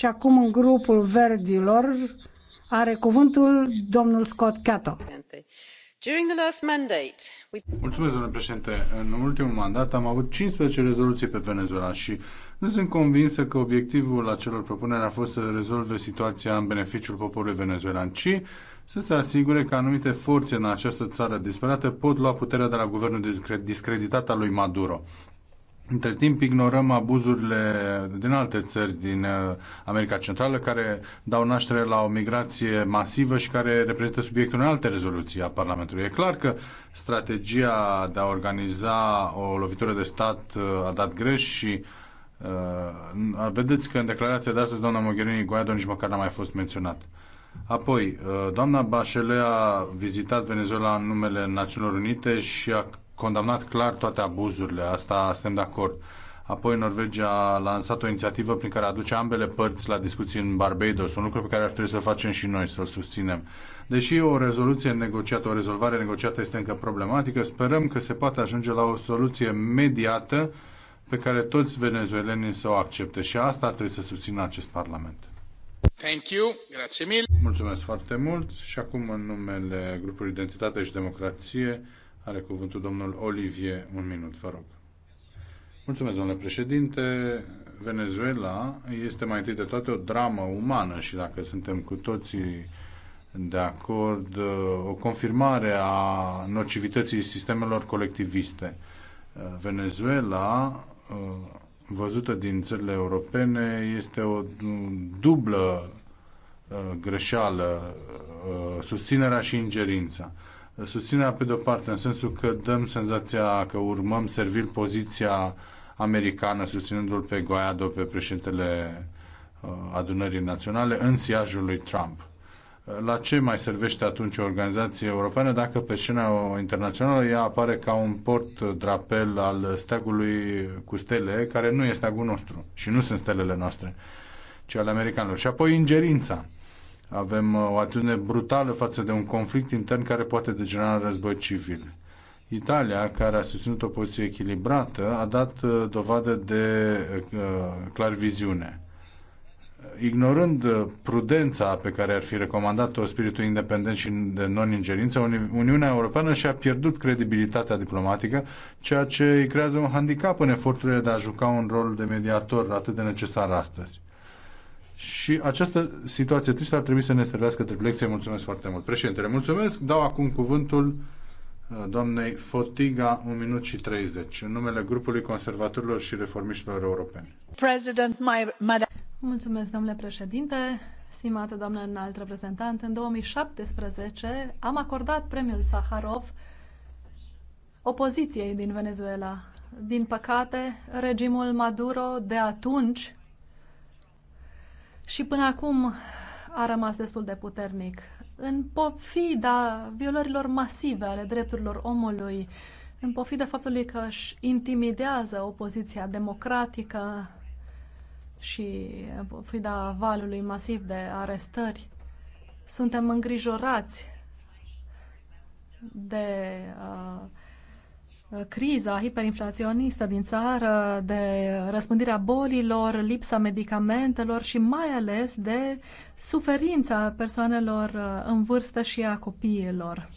Și acum în grupul verdilor are cuvântul domnul Scott Cato. Mulțumesc, domnule președinte. În ultimul mandat am avut 15 rezoluții pe Venezuela și nu sunt convinsă că obiectivul acelor propuneri a fost să rezolve situația în beneficiul poporului venezuelan, ci să se asigure că anumite forțe în această țară disperată pot lua puterea de la guvernul discreditat al lui Maduro. Între timp ignorăm abuzurile din alte țări din uh, America Centrală care dau naștere la o migrație masivă și care reprezintă subiectul unei alte rezoluții a Parlamentului. E clar că strategia de a organiza o lovitură de stat uh, a dat greș și uh, vedeți că în declarația de astăzi doamna Mogherini Guaido nici măcar n-a mai fost menționat. Apoi, uh, doamna Bachelet a vizitat Venezuela în numele Națiunilor Unite și a condamnat clar toate abuzurile, asta suntem de acord. Apoi Norvegia a lansat o inițiativă prin care aduce ambele părți la discuții în Barbados, un lucru pe care ar trebui să facem și noi, să-l susținem. Deși o rezoluție negociată, o rezolvare negociată este încă problematică, sperăm că se poate ajunge la o soluție mediată pe care toți venezuelenii să o accepte și asta ar trebui să susțină acest Parlament. Thank you. Grazie Mulțumesc foarte mult și acum în numele grupului Identitate și Democrație are cuvântul domnul Olivier, un minut, vă rog. Mulțumesc, domnule președinte. Venezuela este mai întâi de toate o dramă umană și dacă suntem cu toții de acord, o confirmare a nocivității sistemelor colectiviste. Venezuela, văzută din țările europene, este o dublă uh, greșeală, uh, susținerea și ingerința. Susținerea pe de-o parte, în sensul că dăm senzația că urmăm servil poziția americană, susținându-l pe Guaido, pe președintele uh, adunării naționale, în siajul lui Trump. La ce mai servește atunci o organizație europeană dacă pe scena internațională ea apare ca un port-drapel al steagului cu stele, care nu este steagul nostru și nu sunt stelele noastre, ci ale americanilor. Și apoi ingerința avem uh, o atitudine brutală față de un conflict intern care poate degenera în război civil. Italia, care a susținut o poziție echilibrată, a dat uh, dovadă de uh, clar viziune, Ignorând prudența pe care ar fi recomandat-o spiritul independent și de non-ingerință, Uniunea Europeană și-a pierdut credibilitatea diplomatică, ceea ce îi creează un handicap în eforturile de a juca un rol de mediator atât de necesar astăzi. Și această situație tristă ar trebui să ne servească drept lecție. Mulțumesc foarte mult. Președintele, mulțumesc. Dau acum cuvântul uh, doamnei Fotiga, 1 minut și 30, în numele grupului conservatorilor și reformiștilor europeni. President, my, Mulțumesc, domnule președinte. Stimată doamnă înalt reprezentant, în 2017 am acordat premiul Saharov opoziției din Venezuela. Din păcate, regimul Maduro de atunci și până acum a rămas destul de puternic. În pofida violărilor masive ale drepturilor omului, în pofida faptului că își intimidează opoziția democratică și în pofida valului masiv de arestări, suntem îngrijorați de uh, criza hiperinflaționistă din țară, de răspândirea bolilor, lipsa medicamentelor și mai ales de suferința persoanelor uh, în vârstă și a copiilor.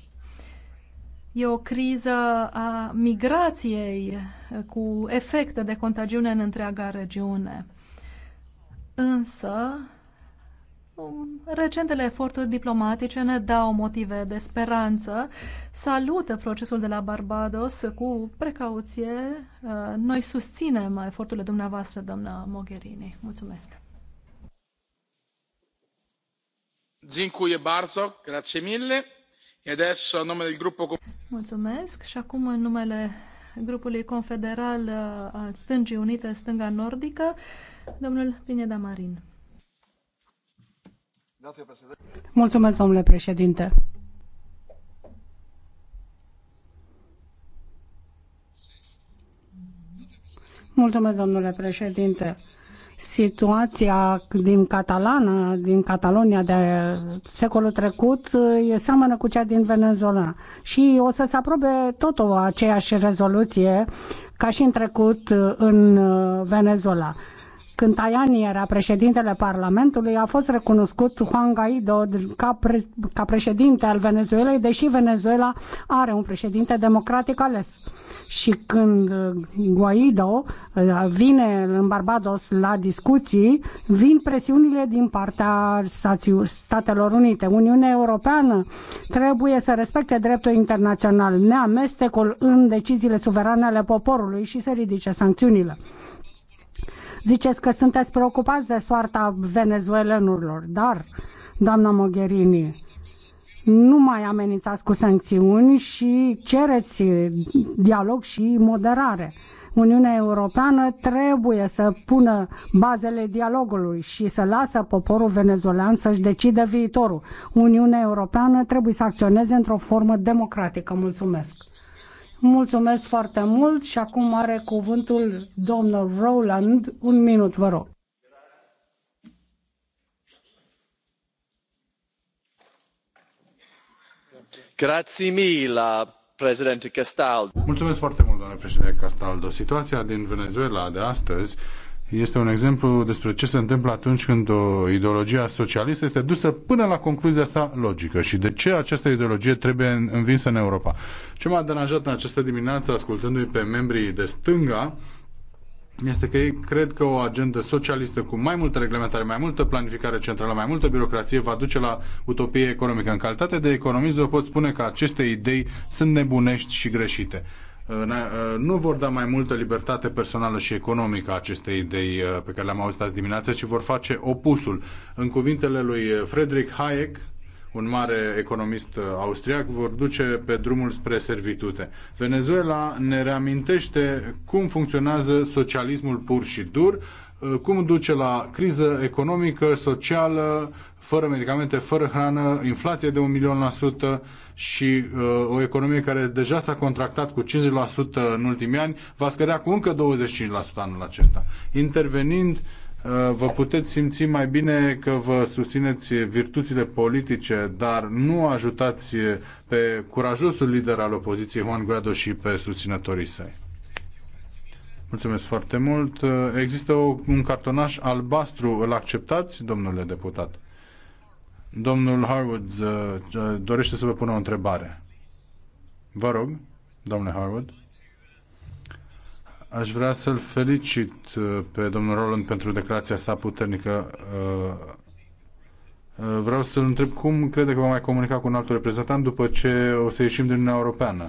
E o criză a migrației uh, cu efecte de contagiune în întreaga regiune. Însă, Recentele eforturi diplomatice ne dau motive de speranță. Salută procesul de la Barbados cu precauție. Uh, noi susținem eforturile dumneavoastră, doamna Mogherini. Mulțumesc! Dziękuję bardzo, grazie mille. E adesso, Mulțumesc și acum în numele grupului confederal uh, al Stângii Unite, Stânga Nordică, domnul Pineda Marin. Mulțumesc, domnule președinte. Mulțumesc, domnule președinte. Situația din Catalana, din Catalonia de secolul trecut, e seamănă cu cea din Venezuela. Și o să se aprobe tot o aceeași rezoluție ca și în trecut în Venezuela când Tajani era președintele Parlamentului, a fost recunoscut Juan Guaido ca, pre, ca președinte al Venezuelei, deși Venezuela are un președinte democratic ales. Și când uh, Guaido uh, vine în Barbados la discuții, vin presiunile din partea Statelor Unite. Uniunea Europeană trebuie să respecte dreptul internațional, neamestecul în deciziile suverane ale poporului și să ridice sancțiunile. Ziceți că sunteți preocupați de soarta venezuelanurilor, dar, doamna Mogherini, nu mai amenințați cu sancțiuni și cereți dialog și moderare. Uniunea Europeană trebuie să pună bazele dialogului și să lasă poporul venezuelan să-și decide viitorul. Uniunea Europeană trebuie să acționeze într-o formă democratică. Mulțumesc! Mulțumesc foarte mult și acum are cuvântul domnul Rowland. Un minut, vă rog. Mulțumesc foarte mult, domnule președinte Castaldo. Situația din Venezuela de astăzi este un exemplu despre ce se întâmplă atunci când o ideologie socialistă este dusă până la concluzia sa logică și de ce această ideologie trebuie învinsă în Europa. Ce m-a deranjat în această dimineață, ascultându-i pe membrii de stânga, este că ei cred că o agendă socialistă cu mai multă reglementare, mai multă planificare centrală, mai multă birocrație va duce la utopie economică. În calitate de economist vă pot spune că aceste idei sunt nebunești și greșite. Uh, uh, nu vor da mai multă libertate personală și economică acestei idei uh, pe care le-am auzit azi dimineață, ci vor face opusul. În cuvintele lui Friedrich Hayek, un mare economist austriac, vor duce pe drumul spre servitute. Venezuela ne reamintește cum funcționează socialismul pur și dur, Uh, cum duce la criză economică, socială, fără medicamente, fără hrană, inflație de un milion la sută și uh, o economie care deja s-a contractat cu 50% în ultimii ani, va scădea cu încă 25% anul acesta. Intervenind, uh, vă puteți simți mai bine că vă susțineți virtuțile politice, dar nu ajutați pe curajosul lider al opoziției, Juan Guaido, și pe susținătorii săi. Mulțumesc foarte mult. Există un cartonaș albastru. Îl acceptați, domnule deputat? Domnul Harwood uh, uh, dorește să vă pună o întrebare. Vă rog, domnule Harwood. Aș vrea să-l felicit uh, pe domnul Roland pentru declarația sa puternică. Vreau să-l întreb cum crede că va mai comunica cu un alt reprezentant după ce o să ieșim din Uniunea Europeană.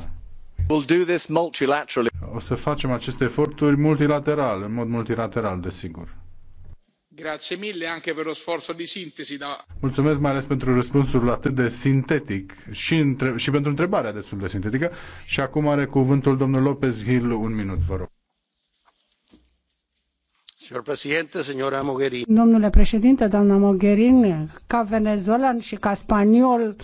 We'll do this multilaterally o să facem aceste eforturi multilateral, în mod multilateral, desigur. Grazie mille anche per lo sforzo di sintesi da... Mulțumesc mai ales pentru răspunsul atât de sintetic și, între... și pentru întrebarea destul de sintetică. Și acum are cuvântul domnul Lopez Hill, un minut, vă rog. Domnule președinte, doamna Mogherini, ca venezuelan și ca spaniol,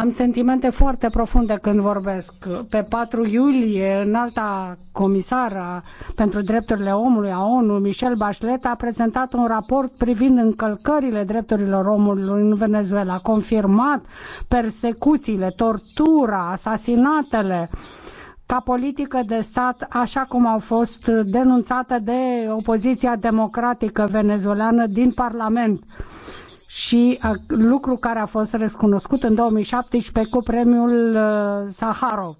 am sentimente foarte profunde când vorbesc. Pe 4 iulie, înalta comisară pentru drepturile omului a ONU, Michel Bachelet, a prezentat un raport privind încălcările drepturilor omului în Venezuela. confirmat persecuțiile, tortura, asasinatele ca politică de stat, așa cum au fost denunțate de opoziția democratică venezuelană din Parlament și lucru care a fost recunoscut în 2017 cu premiul uh, Saharov.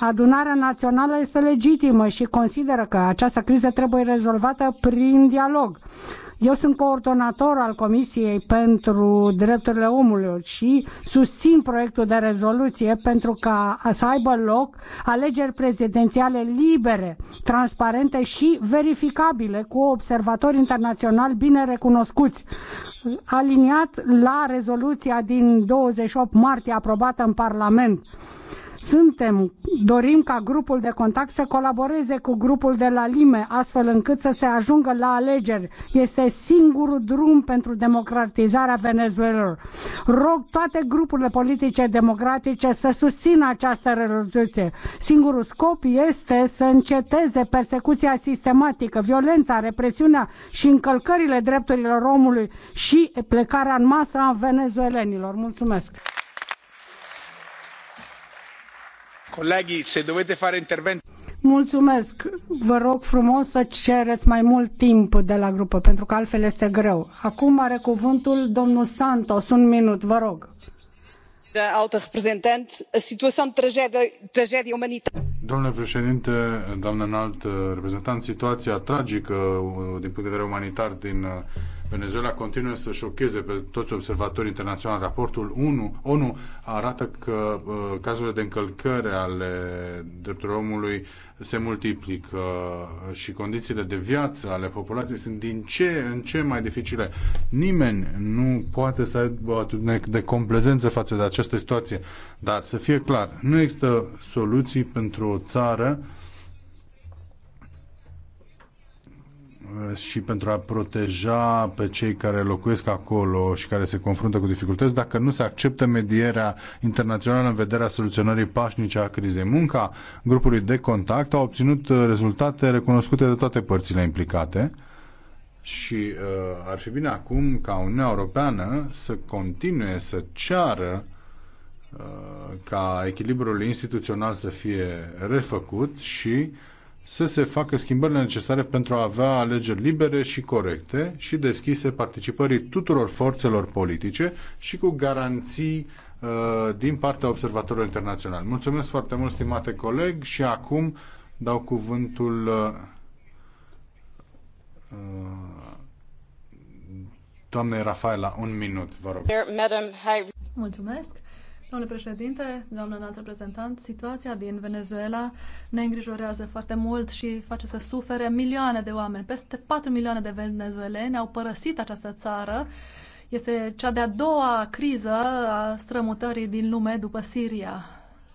Adunarea națională este legitimă și consideră că această criză trebuie rezolvată prin dialog. Eu sunt coordonator al Comisiei pentru Drepturile Omului și susțin proiectul de rezoluție pentru ca să aibă loc alegeri prezidențiale libere, transparente și verificabile cu observatori internaționali bine recunoscuți. Aliniat la rezoluția din 28 martie aprobată în Parlament suntem, dorim ca grupul de contact să colaboreze cu grupul de la Lime, astfel încât să se ajungă la alegeri. Este singurul drum pentru democratizarea Venezuelor. Rog toate grupurile politice democratice să susțină această rezoluție. Singurul scop este să înceteze persecuția sistematică, violența, represiunea și încălcările drepturilor omului și plecarea în masă a venezuelenilor. Mulțumesc! Colegii, se dovete fare intervent. Mulțumesc. Vă rog frumos să cereți mai mult timp de la grupă, pentru că altfel este greu. Acum are cuvântul domnul Santos. Un minut, vă rog. Alte reprezentant, situația de tragedie, tragedie umanitară. Domnule președinte, doamnă înalt reprezentant, situația tragică uh, din punct de vedere umanitar din uh, Venezuela continuă să șocheze pe toți observatorii internaționali. Raportul 1, ONU arată că uh, cazurile de încălcări ale drepturilor omului se multiplică uh, și condițiile de viață ale populației sunt din ce în ce mai dificile. Nimeni nu poate să aibă de complezență față de această situație, dar să fie clar, nu există soluții pentru o țară uh, și pentru a proteja pe cei care locuiesc acolo și care se confruntă cu dificultăți dacă nu se acceptă medierea internațională în vederea soluționării pașnice a crizei. Munca grupului de contact a obținut rezultate recunoscute de toate părțile implicate și uh, ar fi bine acum ca Uniunea Europeană să continue să ceară uh, ca echilibrul instituțional să fie refăcut și uh, să se facă schimbările necesare pentru a avea alegeri libere și corecte și deschise participării tuturor forțelor politice și cu garanții uh, din partea observatorilor internaționali. Mulțumesc foarte mult, stimate coleg, și acum dau cuvântul uh, uh doamnei Rafaela. Un minut, vă rog. Mulțumesc. Domnule președinte, doamnă înalt reprezentant, situația din Venezuela ne îngrijorează foarte mult și face să sufere milioane de oameni. Peste 4 milioane de venezueleni au părăsit această țară. Este cea de-a doua criză a strămutării din lume după Siria.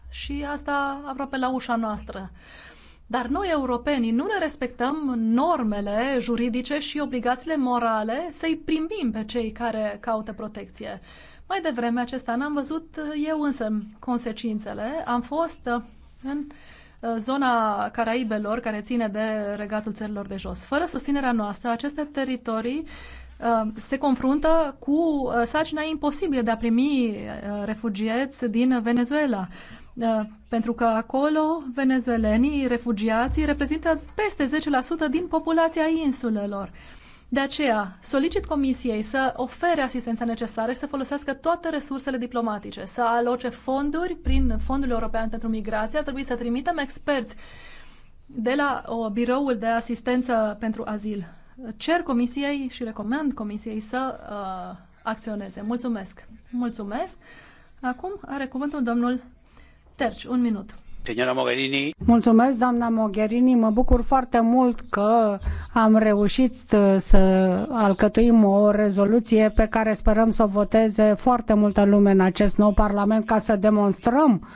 Și asta aproape la ușa noastră. Dar noi, europenii, nu ne respectăm normele juridice și obligațiile morale să-i primim pe cei care caută protecție. Mai devreme acest an am văzut eh, eu însă consecințele. Am fost eh, în eh, zona Caraibelor, care ține de regatul țărilor de jos. Fără susținerea noastră, aceste teritorii se confruntă cu sarcina imposibilă de a primi refugiați din Venezuela. Pentru că acolo venezuelenii, refugiații, reprezintă peste 10% din populația insulelor. De aceea, solicit Comisiei să ofere asistența necesară și să folosească toate resursele diplomatice, să aloce fonduri prin Fondul European pentru Migrație. Ar trebui să trimitem experți de la o, biroul de asistență pentru azil. Cer Comisiei și recomand Comisiei să uh, acționeze. Mulțumesc! Mulțumesc! Acum are cuvântul domnul Terci. Un minut. Señora Mogherini. Mulțumesc, doamna Mogherini. Mă bucur foarte mult că am reușit să alcătuim o rezoluție pe care sperăm să o voteze foarte multă lume în acest nou Parlament ca să demonstrăm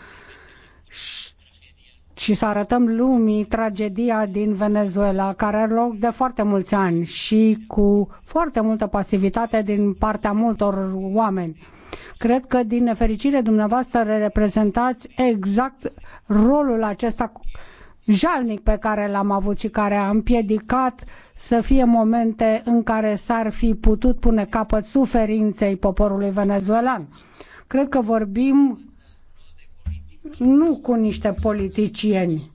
și să arătăm lumii tragedia din Venezuela, care are loc de foarte mulți ani și cu foarte multă pasivitate din partea multor oameni Cred că, din nefericire, dumneavoastră reprezentați exact rolul acesta jalnic pe care l-am avut și care a împiedicat să fie momente în care s-ar fi putut pune capăt suferinței poporului venezuelan. Cred că vorbim nu cu niște politicieni,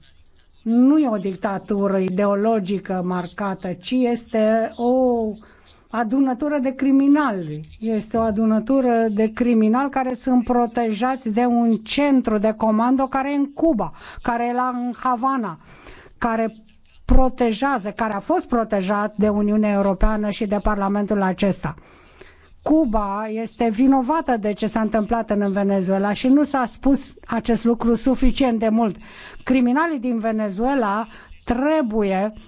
nu e o dictatură ideologică marcată, ci este o adunătură de criminali. Este o adunătură de criminali care sunt protejați de un centru de comando care e în Cuba, care e la în Havana, care protejează, care a fost protejat de Uniunea Europeană și de Parlamentul acesta. Cuba este vinovată de ce s-a întâmplat în Venezuela și nu s-a spus acest lucru suficient de mult. Criminalii din Venezuela trebuie uh,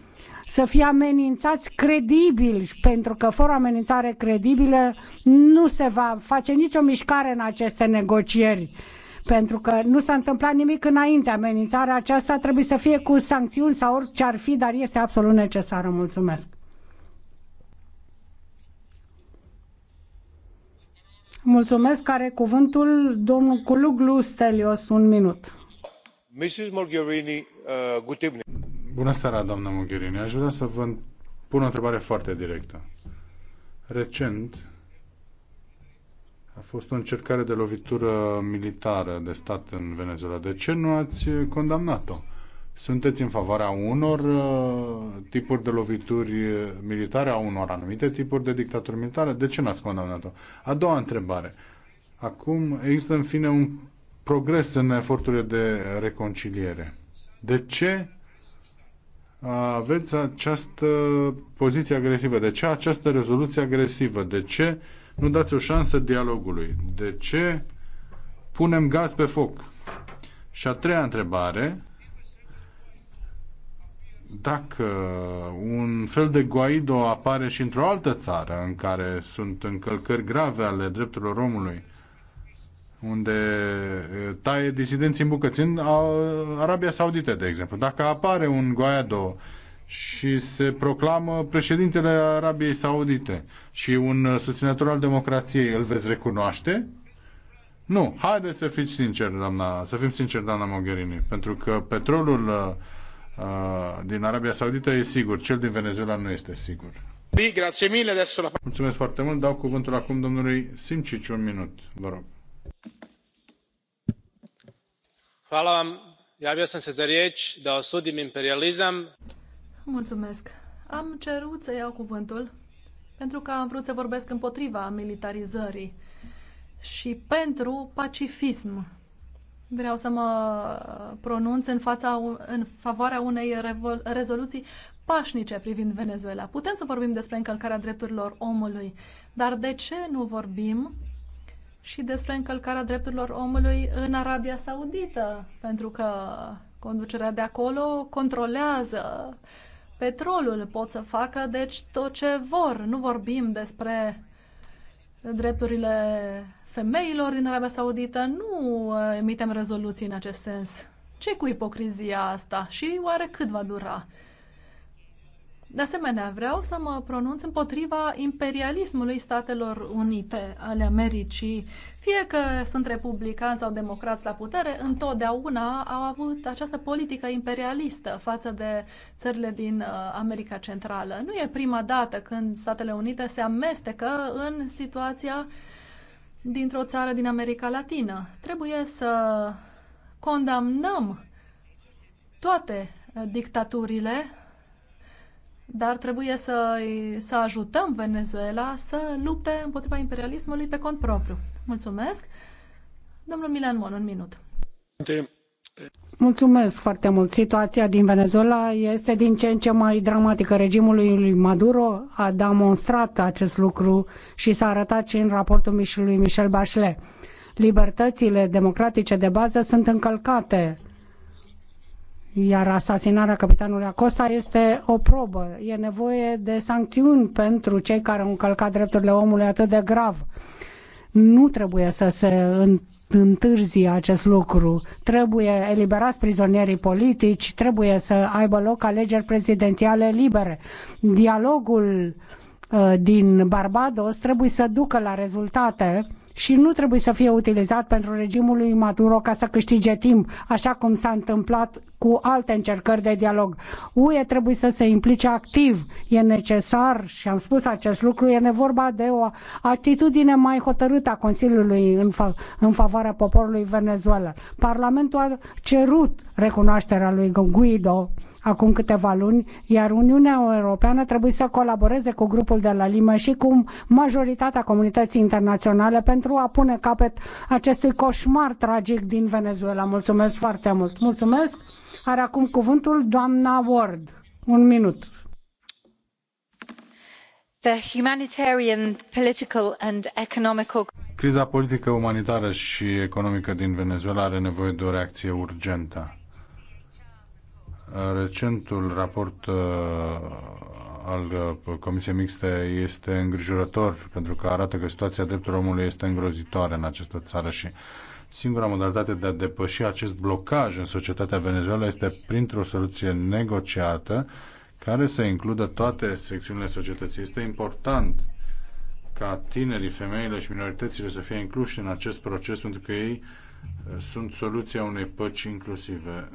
să fie amenințați credibili, pentru că fără amenințare credibilă nu se va face nicio mișcare în aceste negocieri pentru că nu s-a întâmplat nimic înainte. Amenințarea aceasta trebuie să fie cu sancțiuni sau orice ar fi, dar este absolut necesară. Mulțumesc. Mulțumesc. Care cuvântul domnul Culuglu Stelios, un minut. Mrs. Mogherini, uh, good evening. Bună seara, doamnă Mogherini. Aș vrea să vă pun o întrebare foarte directă. Recent a fost o încercare de lovitură militară de stat în Venezuela. De ce nu ați condamnat-o? Sunteți în favoarea unor uh, tipuri de lovituri militare, a unor anumite tipuri de dictaturi militare? De ce nu ați condamnat-o? A doua întrebare. Acum există în fine un progres în eforturile de reconciliere. De ce aveți această poziție agresivă? De ce această rezoluție agresivă? De ce nu dați o șansă dialogului? De ce punem gaz pe foc? Și a treia întrebare, dacă un fel de Guaido apare și într-o altă țară în care sunt încălcări grave ale drepturilor omului, unde taie disidenții în bucăți. În Arabia Saudită, de exemplu, dacă apare un Guaido și se proclamă președintele Arabiei Saudite și un susținător al democrației, îl veți recunoaște? Nu. Haideți să fiți sinceri, doamna, să fim sinceri, doamna Mogherini, pentru că petrolul uh, din Arabia Saudită e sigur, cel din Venezuela nu este sigur. Mulțumesc foarte mult. Dau cuvântul acum domnului Simcici, un minut, vă rog. Da Mulțumesc. Am cerut să iau cuvântul pentru că am vrut să vorbesc împotriva militarizării și pentru pacifism. Vreau să mă pronunț în, fața, în favoarea unei rezoluții pașnice privind Venezuela. Putem să vorbim despre încălcarea drepturilor omului, dar de ce nu vorbim și despre încălcarea drepturilor omului în Arabia Saudită, pentru că conducerea de acolo controlează petrolul, pot să facă deci tot ce vor. Nu vorbim despre drepturile femeilor din Arabia Saudită, nu uh, emitem rezoluții în acest sens. Ce cu ipocrizia asta și oare cât va dura? De asemenea, vreau să mă pronunț împotriva imperialismului Statelor Unite ale Americii. Fie că sunt republicani sau democrați la putere, întotdeauna au avut această politică imperialistă față de țările din uh, America Centrală. Nu e prima dată când Statele Unite se amestecă în situația dintr-o țară din America Latină. Trebuie să condamnăm toate uh, dictaturile dar trebuie să, să ajutăm Venezuela să lupte împotriva imperialismului pe cont propriu. Mulțumesc. Domnul Milan Mon, un minut. De Mulțumesc foarte mult. Situația din Venezuela este din ce în ce mai dramatică. Regimul lui Maduro a demonstrat acest lucru și s-a arătat și în raportul lui Michel Bachelet. Libertățile democratice de bază sunt încălcate iar asasinarea capitanului Acosta este o probă. E nevoie de sancțiuni pentru cei care au încălcat drepturile omului atât de grav. Nu trebuie să se întârzi acest lucru. Trebuie eliberați prizonierii politici, trebuie să aibă loc alegeri prezidențiale libere. Dialogul uh, din Barbados trebuie să ducă la rezultate și nu trebuie să fie utilizat pentru regimul lui Maduro ca să câștige timp, așa cum s-a întâmplat cu alte încercări de dialog. UE trebuie să se implice activ. E necesar, și am spus acest lucru, e nevorba de o atitudine mai hotărâtă a Consiliului în, fa- în favoarea poporului Venezuela. Parlamentul a cerut recunoașterea lui Guido acum câteva luni, iar Uniunea Europeană trebuie să colaboreze cu grupul de la Lima și cu majoritatea comunității internaționale pentru a pune capăt acestui coșmar tragic din Venezuela. Mulțumesc foarte mult! Mulțumesc! Are acum cuvântul doamna Ward. Un minut. The humanitarian, political and economical... Criza politică, umanitară și economică din Venezuela are nevoie de o reacție urgentă Recentul raport uh, al uh, Comisiei Mixte este îngrijorător pentru că arată că situația drepturilor omului este îngrozitoare în această țară și singura modalitate de a depăși acest blocaj în societatea Venezuela este printr-o soluție negociată care să includă toate secțiunile societății. Este important ca tinerii, femeile și minoritățile să fie incluși în acest proces pentru că ei uh, sunt soluția unei păci inclusive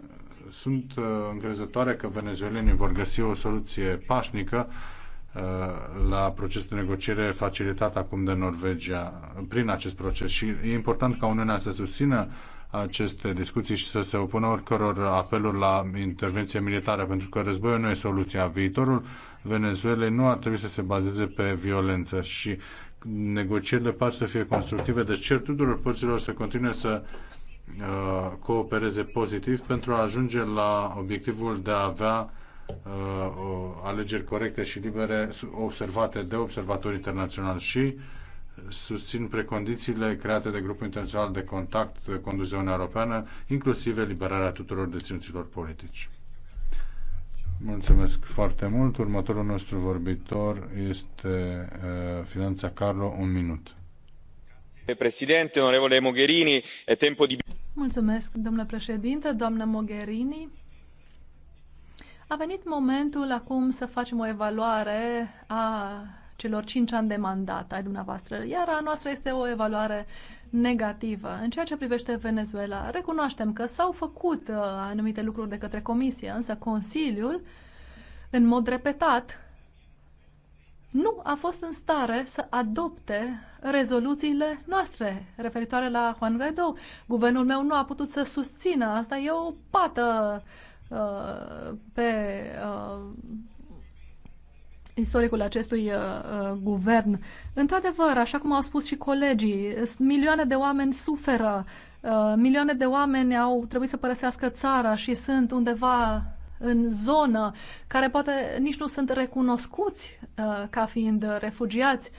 sunt uh, încrezătoare că venezuelenii vor găsi o soluție pașnică uh, la procesul de negociere facilitat acum de Norvegia prin acest proces și e important ca Uniunea să susțină aceste discuții și să se opună oricăror apeluri la intervenție militară, pentru că războiul nu e soluția. Viitorul Venezuelei nu ar trebui să se bazeze pe violență și negocierile par să fie constructive, deci cer tuturor părților să continue să Uh, coopereze pozitiv pentru a ajunge la obiectivul de a avea uh, alegeri corecte și libere observate de observatori internaționali și susțin precondițiile create de grupul internațional de contact uh, condus de Uniunea Europeană, inclusiv eliberarea tuturor deținuților politici. Mulțumesc foarte mult. Următorul nostru vorbitor este uh, Finanța Carlo, un minut. Președinte, onorevole Mogherini, e timpul de... Mulțumesc, domnule președinte, doamnă Mogherini. A venit momentul acum să facem o evaluare a celor cinci ani de mandat ai dumneavoastră, iar a noastră este o evaluare negativă. În ceea ce privește Venezuela, recunoaștem că s-au făcut uh, anumite lucruri de către Comisie, însă Consiliul, în mod repetat, nu a fost în stare să adopte rezoluțiile noastre referitoare la Juan Guaido. Guvernul meu nu a putut să susțină asta. E o pată uh, pe uh, istoricul acestui uh, uh guvern. Într-adevăr, așa cum au spus și colegii, milioane de oameni suferă, uh, milioane de oameni au trebuit să părăsească țara și sunt undeva în zonă, care poate nici nu sunt recunoscuți uh, ca fiind refugiați,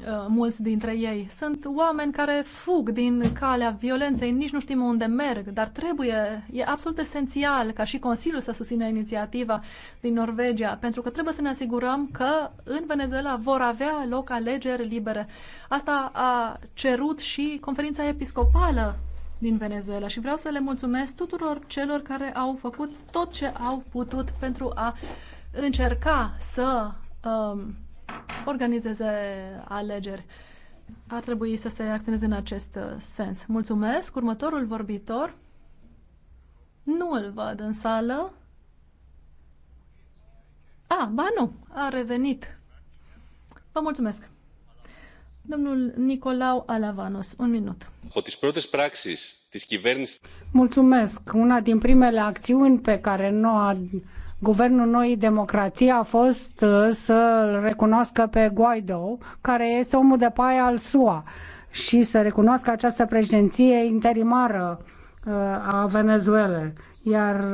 uh, mulți dintre ei. Sunt oameni care fug din calea violenței, nici nu știm unde merg, dar trebuie, e absolut esențial ca și Consiliul să susțină inițiativa din Norvegia, pentru că trebuie să ne asigurăm că în Venezuela vor avea loc alegeri libere. Asta a cerut și conferința episcopală din Venezuela și vreau să le mulțumesc tuturor celor care au făcut tot ce au putut pentru a încerca să um, organizeze alegeri. Ar trebui să se acționeze în acest uh, sens. Mulțumesc. Următorul vorbitor nu îl văd în sală. A, ah, ba nu, a revenit. Vă mulțumesc. Nicolau Alavanos, un minut. Mulțumesc. Una din primele acțiuni pe care noua guvernul Noii Democrații a fost uh, să recunoască pe Guaido, care este omul de paie al SUA, și să recunoască această președinție interimară a Venezuela, iar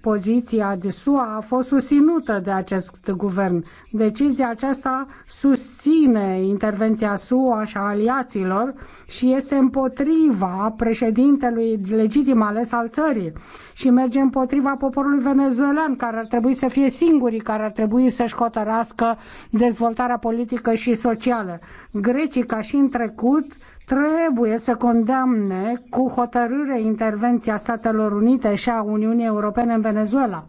poziția de SUA a fost susținută de acest guvern. Decizia aceasta susține intervenția SUA și a aliaților și este împotriva președintelui legitim ales al țării și merge împotriva poporului venezuelan, care ar trebui să fie singurii care ar trebui să-și hotărască dezvoltarea politică și socială. Grecii, ca și în trecut, trebuie să condamne cu hotărâre intervenția Statelor Unite și a Uniunii Europene în Venezuela.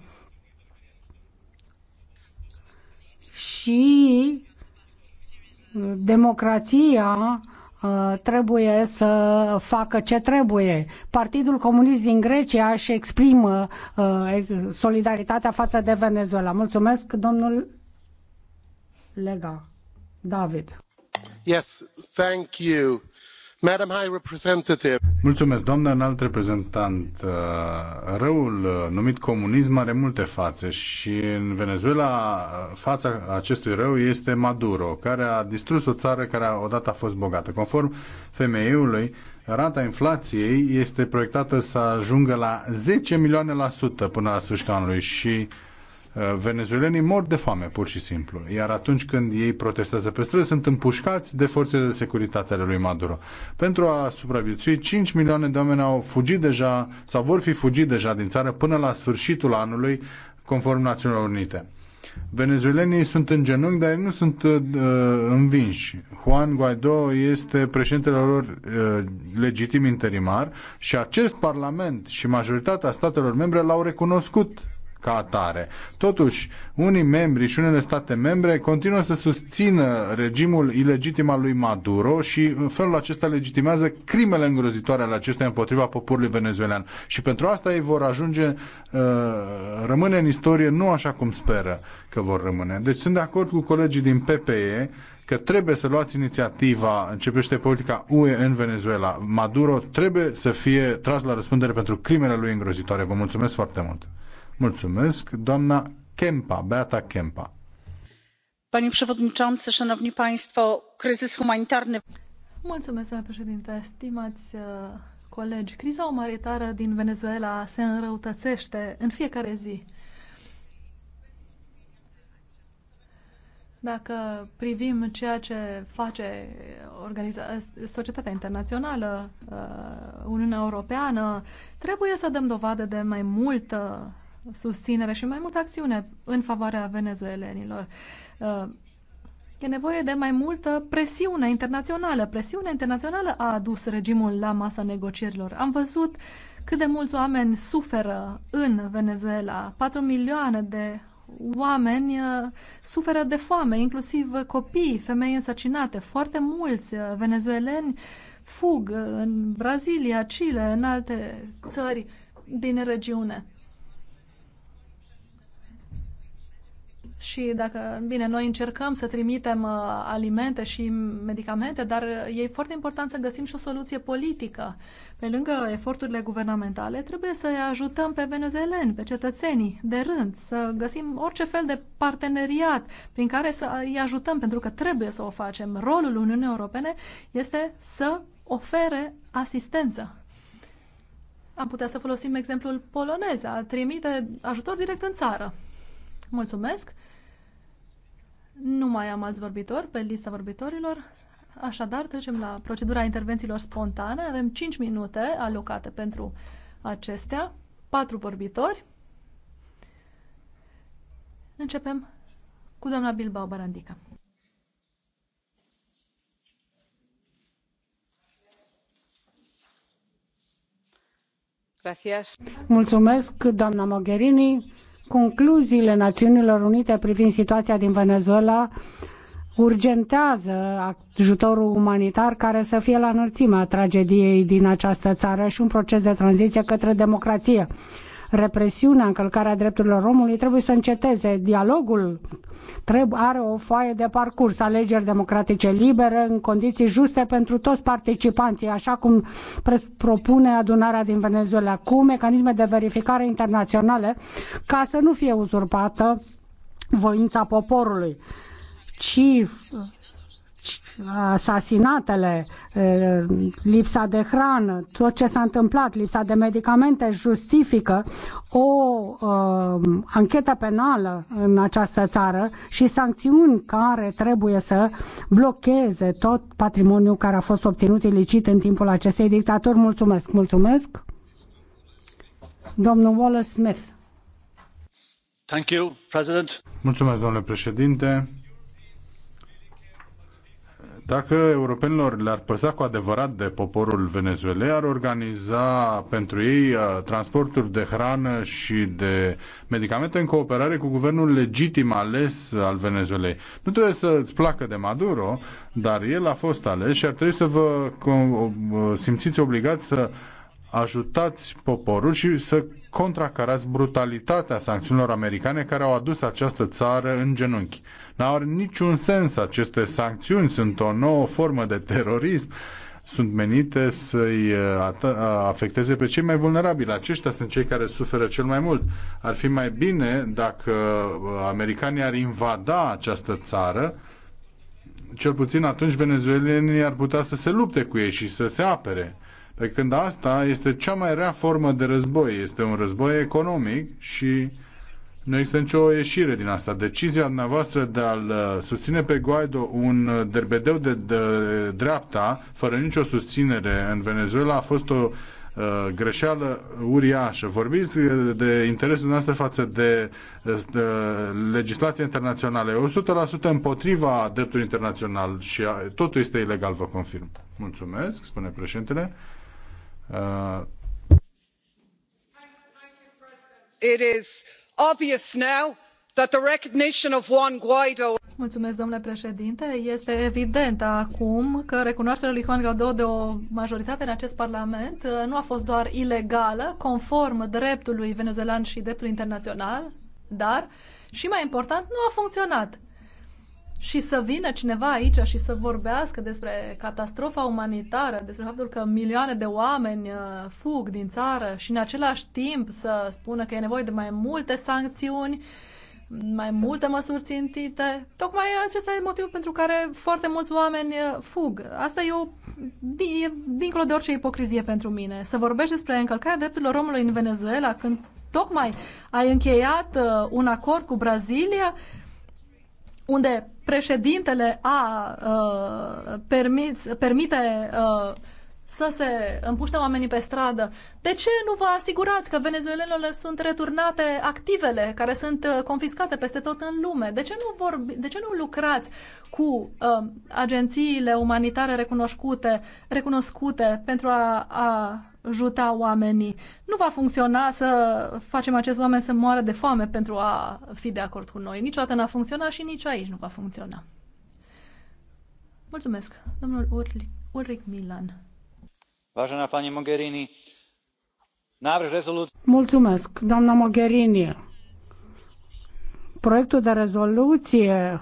Și democrația Uh, trebuie să facă ce trebuie. Partidul Comunist din Grecia își exprimă uh, solidaritatea față de Venezuela. Mulțumesc, domnul Lega. David. Yes, thank you. Mulțumesc, doamnă înalt reprezentant. Uh, răul uh, numit comunism are multe fațe și în Venezuela uh, fața acestui rău este Maduro, care a distrus o țară care odată a fost bogată. Conform femeiului, rata inflației este proiectată să ajungă la 10 milioane la sută până la sfârșitul anului și Uh, venezuelenii mor de foame, pur și simplu. Iar atunci când ei protestează pe străzi, sunt împușcați de forțele de securitate ale lui Maduro. Pentru a supraviețui, 5 milioane de oameni au fugit deja sau vor fi fugit deja din țară până la sfârșitul anului, conform Națiunilor Unite. Venezuelenii sunt în genunchi, dar ei nu sunt uh, învinși. Juan Guaido este președintele lor uh, legitim interimar și acest parlament și majoritatea statelor membre l-au recunoscut ca atare. Totuși, unii membri și unele state membre continuă să susțină regimul ilegitim al lui Maduro și în felul acesta legitimează crimele îngrozitoare ale acestuia împotriva poporului venezuelan. Și pentru asta ei vor ajunge, uh, rămâne în istorie nu așa cum speră că vor rămâne. Deci sunt de acord cu colegii din PPE că trebuie să luați inițiativa, începește politica UE în Venezuela. Maduro trebuie să fie tras la răspundere pentru crimele lui îngrozitoare. Vă mulțumesc foarte mult! Mulțumesc, doamna Kempa, Beata Kempa. Panie przewodniczący, szanowni państwo, kryzys humanitarny. Mulțumesc, domnule președinte. Stimați uh, colegi, criza umanitară din Venezuela se înrăutățește în fiecare zi. Dacă privim ceea ce face societatea internațională, uh, Uniunea Europeană, trebuie să dăm dovadă de mai multă susținere și mai multă acțiune în favoarea venezuelenilor. Uh, e nevoie de mai multă presiune internațională. Presiunea internațională a adus regimul la masa negocierilor. Am văzut cât de mulți oameni suferă în Venezuela. 4 milioane de oameni uh, suferă de foame, inclusiv copii, femei însăcinate. Foarte mulți uh, venezueleni fug în Brazilia, Chile, în alte țări din regiune. Și dacă, bine, noi încercăm să trimitem uh, alimente și medicamente, dar e foarte important să găsim și o soluție politică. Pe lângă eforturile guvernamentale, trebuie să ajutăm pe venezueleni, pe cetățenii de rând, să găsim orice fel de parteneriat prin care să îi ajutăm, pentru că trebuie să o facem. Rolul Uniunii Europene este să ofere asistență am putea să folosim exemplul polonez, a trimite ajutor direct în țară. Mulțumesc! Nu mai am alți vorbitori pe lista vorbitorilor. Așadar, trecem la procedura intervențiilor spontane. Avem 5 minute alocate pentru acestea, 4 vorbitori. Începem cu doamna Bilbao Barandica. Mulțumesc, doamna Mogherini concluziile Națiunilor Unite privind situația din Venezuela urgentează ajutorul umanitar care să fie la înălțimea tragediei din această țară și un proces de tranziție către democrație represiunea, încălcarea drepturilor omului trebuie să înceteze. Dialogul trebuie, are o foaie de parcurs, alegeri democratice libere, în condiții juste pentru toți participanții, așa cum propune adunarea din Venezuela, cu mecanisme de verificare internaționale, ca să nu fie uzurpată voința poporului ci asasinatele, lipsa de hrană, tot ce s-a întâmplat, lipsa de medicamente justifică o uh, anchetă penală în această țară și sancțiuni care trebuie să blocheze tot patrimoniul care a fost obținut ilicit în timpul acestei dictaturi. Mulțumesc, mulțumesc. Domnul Wallace Smith. Thank you, President. Mulțumesc, domnule președinte dacă europenilor le-ar păsa cu adevărat de poporul Venezuelei, ar organiza pentru ei uh, transporturi de hrană și de medicamente în cooperare cu guvernul legitim ales al Venezuelei. Nu trebuie să îți placă de Maduro, dar el a fost ales și ar trebui să vă uh, simțiți obligați să ajutați poporul și să contracarați brutalitatea sancțiunilor americane care au adus această țară în genunchi. N-au niciun sens aceste sancțiuni, sunt o nouă formă de terorism sunt menite să-i uh, uh, afecteze pe cei mai vulnerabili. Aceștia sunt cei care suferă cel mai mult. Ar fi mai bine dacă uh, americanii ar invada această țară, cel puțin atunci venezuelienii ar putea să se lupte cu ei și să se apere. Pe când asta este cea mai rea formă de război. Este un război economic și nu există nicio ieșire din asta. Decizia dumneavoastră de a-l uh, susține pe Guaido un uh, derbedeu de, de dreapta, fără nicio susținere în Venezuela, a fost o uh, greșeală uriașă. Vorbiți de interesul noastră față de, de legislația internațională. E 100% împotriva dreptului internațional și totul este ilegal, vă confirm. Mulțumesc, spune președintele. Mulțumesc, domnule președinte. Este evident acum că recunoașterea lui Juan Guaido de o majoritate în acest parlament uh, nu a fost doar ilegală, conform dreptului venezuelan și dreptului internațional, dar, și mai important, nu a funcționat și să vină cineva aici și să vorbească despre catastrofa umanitară, despre faptul că milioane de oameni uh, fug din țară și în același timp să spună că e nevoie de mai multe sancțiuni, mai multe măsuri țintite. Tocmai acesta e motivul pentru care foarte mulți oameni uh, fug. Asta e, o, e dincolo de orice ipocrizie pentru mine. Să vorbești despre încălcarea drepturilor omului în Venezuela când tocmai ai încheiat uh, un acord cu Brazilia unde președintele a uh, permis, permite uh, să se împuște oamenii pe stradă, de ce nu vă asigurați că venezuelenilor sunt returnate activele care sunt uh, confiscate peste tot în lume? De ce nu, vorbi, de ce nu lucrați cu uh, agențiile umanitare recunoscute, recunoscute pentru a, a juta oamenii. Nu va funcționa să facem acest oameni să moară de foame pentru a fi de acord cu noi. Niciodată n-a funcționat și nici aici nu va funcționa. Mulțumesc, domnul Ulrich Milan. Vážená pani Mogherini, n-ai n-avrei rezoluție. Mulțumesc, doamna Mogherini. Proiectul de rezoluție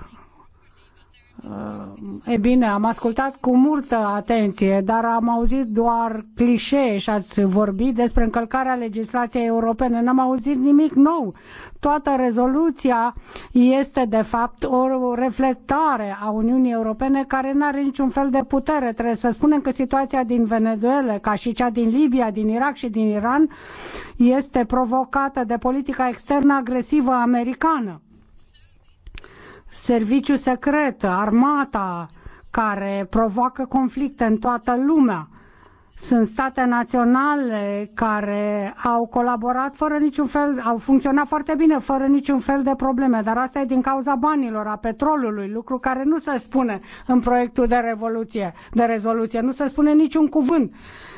Eh, e bine, am ascultat cu multă atenție, dar am auzit doar clișee și ați vorbit despre încălcarea legislației europene. N-am auzit nimic nou. Toată rezoluția este, de fapt, o reflectare a Uniunii Europene care nu are niciun fel de putere. Trebuie să spunem că situația din Venezuela, ca și cea din Libia, din Irak și din Iran, este provocată de politica externă agresivă americană serviciu secret, armata, care provoacă conflicte în toată lumea. Sunt state naționale care au colaborat fără niciun fel, au funcționat foarte bine, fără niciun fel de probleme, dar asta e din cauza banilor, a petrolului, lucru care nu se spune în proiectul de revoluție, de rezoluție, nu se spune niciun cuvânt.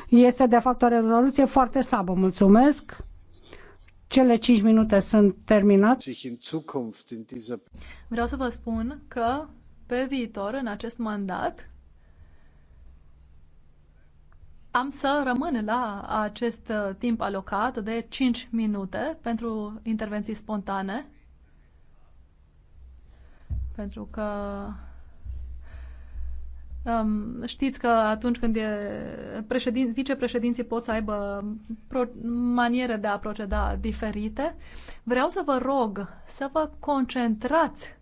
Este de fapt o rezoluție foarte slabă. Mulțumesc. Cele 5 minute sunt terminate. Vreau să vă spun că pe viitor, în acest mandat, am să rămân la acest uh, timp alocat de 5 minute pentru intervenții spontane, pentru că Um, știți că atunci când e președin, vicepreședinții pot să aibă pro, maniere de a proceda diferite. Vreau să vă rog să vă concentrați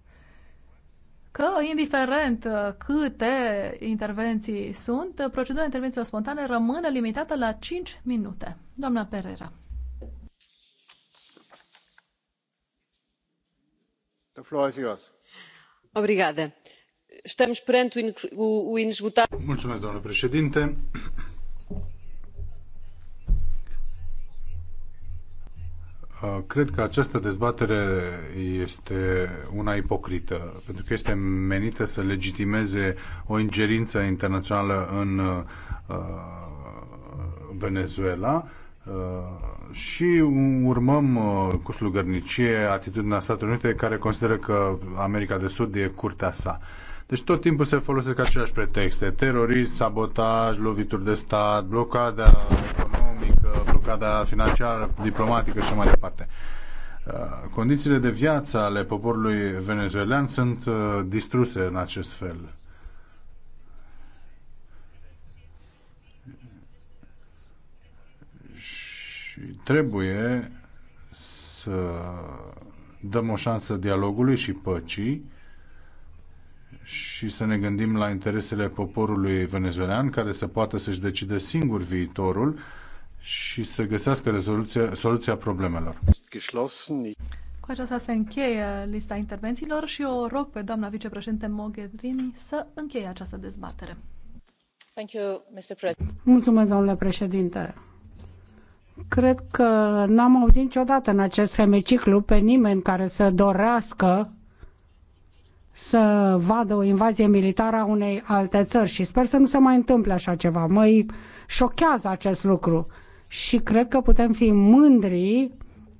că, indiferent uh, câte intervenții sunt, uh, procedura intervențiilor spontane rămâne limitată la 5 minute. Doamna Pereira. The floor is yours. Obrigada domnule președinte cred că această dezbatere este una ipocrită pentru că este menită să legitimeze o ingerință internațională în uh, venezuela uh, și urmăm uh, cu slugărnicie atitudinea Statelor Unite care consideră că America de Sud e curtea sa. Deci tot timpul se folosesc aceleași pretexte. Terorism, sabotaj, lovituri de stat, blocada economică, blocada financiară, diplomatică și mai departe. Uh, condițiile de viață ale poporului venezuelan sunt uh, distruse în acest fel. Și trebuie să dăm o șansă dialogului și păcii și să ne gândim la interesele poporului venezuelan care să poată să-și decide singur viitorul și să găsească rezoluția, soluția problemelor. Cu aceasta se încheie lista intervențiilor și o rog pe doamna vicepreședinte Mogherini să încheie această dezbatere. Thank you, Mr. President. Mulțumesc, domnule președinte. Cred că n-am auzit niciodată în acest hemiciclu pe nimeni care să dorească să vadă o invazie militară a unei alte țări și sper să nu se mai întâmple așa ceva. Mă șochează acest lucru și cred că putem fi mândri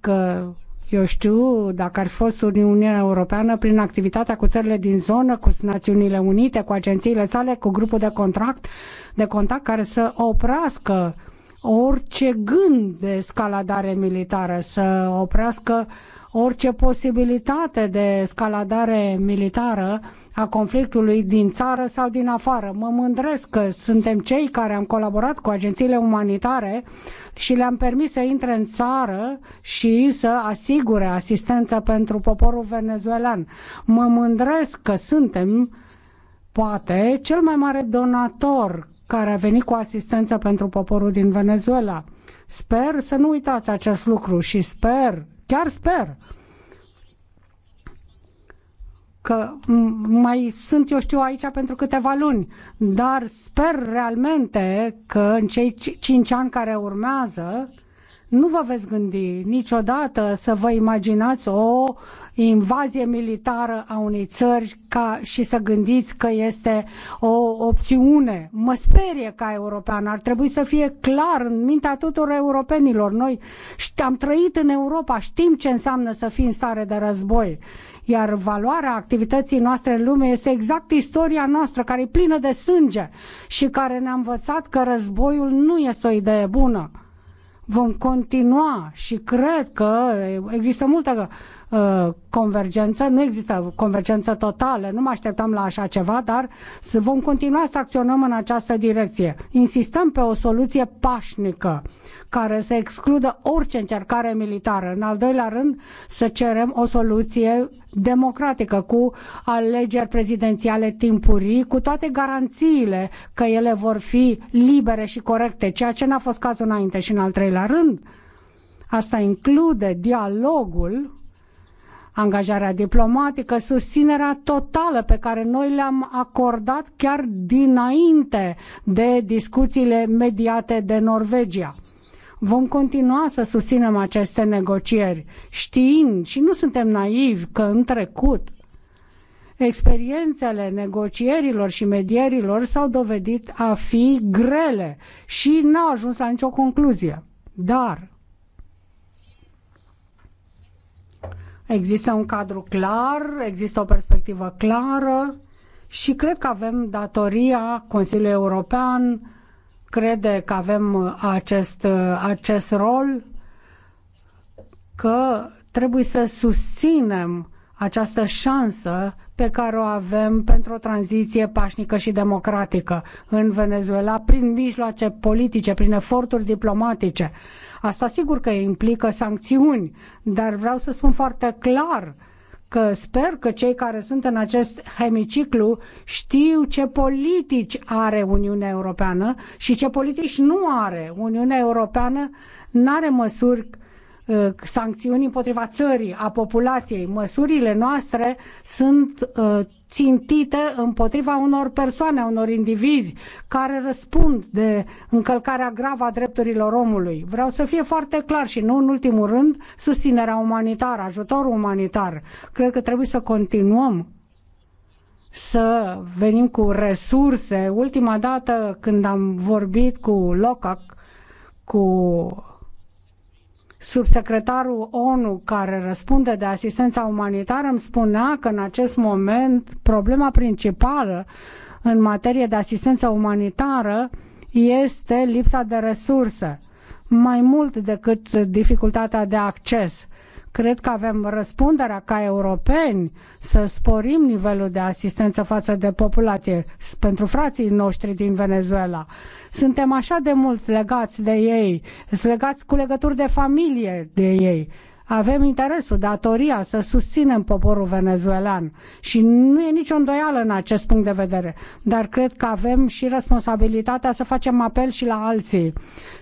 că eu știu, dacă ar fi fost Uniunea Europeană, prin activitatea cu țările din zonă, cu Națiunile Unite, cu agențiile sale, cu grupul de contract, de contact care să oprească orice gând de escaladare militară, să oprească uh, orice posibilitate de escaladare militară a conflictului din țară sau din afară. Mă mândresc că suntem cei care am colaborat cu agențiile umanitare și le-am permis să intre în țară și să asigure asistență pentru poporul venezuelan. Mă mândresc că suntem poate cel mai mare donator care a venit cu asistență pentru poporul din Venezuela. Sper să nu uitați acest lucru și sper Chiar sper că mai sunt, eu știu, aici pentru câteva luni, dar sper realmente că în cei cinci ani care urmează nu vă veți gândi niciodată să vă imaginați o invazie militară a unei țări ca și să gândiți că este o opțiune. Mă sperie ca european, ar trebui să fie clar în mintea tuturor europenilor. Noi am trăit în Europa, știm ce înseamnă să fii în stare de război. Iar valoarea activității noastre în lume este exact istoria noastră, care e plină de sânge și care ne-a învățat că războiul nu este o idee bună vom continua și cred că există multă uh, convergență, nu există convergență totală, nu mă așteptam la așa ceva, dar să vom continua să acționăm în această direcție. Insistăm pe o soluție pașnică care să excludă orice încercare militară. În al doilea rând, să cerem o soluție democratică cu alegeri prezidențiale timpurii, cu toate garanțiile că ele vor fi libere și corecte, ceea ce n-a fost cazul înainte. Și în al treilea rând, asta include dialogul angajarea diplomatică, susținerea totală pe care noi le-am acordat chiar dinainte de discuțiile mediate de Norvegia. Vom continua să susținem aceste negocieri, știind și nu suntem naivi că în trecut experiențele negocierilor și medierilor s-au dovedit a fi grele și n-au ajuns la nicio concluzie. Dar există un cadru clar, există o perspectivă clară și cred că avem datoria Consiliului European crede că avem uh, acest, uh, acest rol, că trebuie să susținem această șansă pe care o avem pentru o tranziție pașnică și democratică în Venezuela prin mijloace politice, prin eforturi diplomatice. Asta sigur că implică sancțiuni, dar vreau să spun foarte clar uh, că sper că cei care sunt în acest hemiciclu știu ce politici are Uniunea Europeană și ce politici nu are. Uniunea Europeană nu are măsuri Uh, sancțiuni împotriva țării, a populației. Măsurile noastre sunt uh, țintite împotriva unor persoane, unor indivizi care răspund de încălcarea gravă a drepturilor omului. Vreau să fie foarte clar și nu în ultimul rând susținerea umanitară, ajutorul umanitar. Cred că trebuie să continuăm să venim cu resurse. Ultima dată când am vorbit cu LOCAC, cu subsecretarul ONU care răspunde de asistența umanitară îmi spunea că în acest moment problema principală în materie de asistență umanitară este lipsa de resurse, mai mult decât dificultatea de acces. Cred că avem răspunderea ca europeni să sporim nivelul de asistență față de populație pentru frații noștri din Venezuela. Suntem așa de mult legați de ei, legați cu legături de familie de ei. Avem interesul, datoria să susținem poporul venezuelan și nu e nicio îndoială în acest punct de vedere, dar cred că avem și responsabilitatea să facem apel și la alții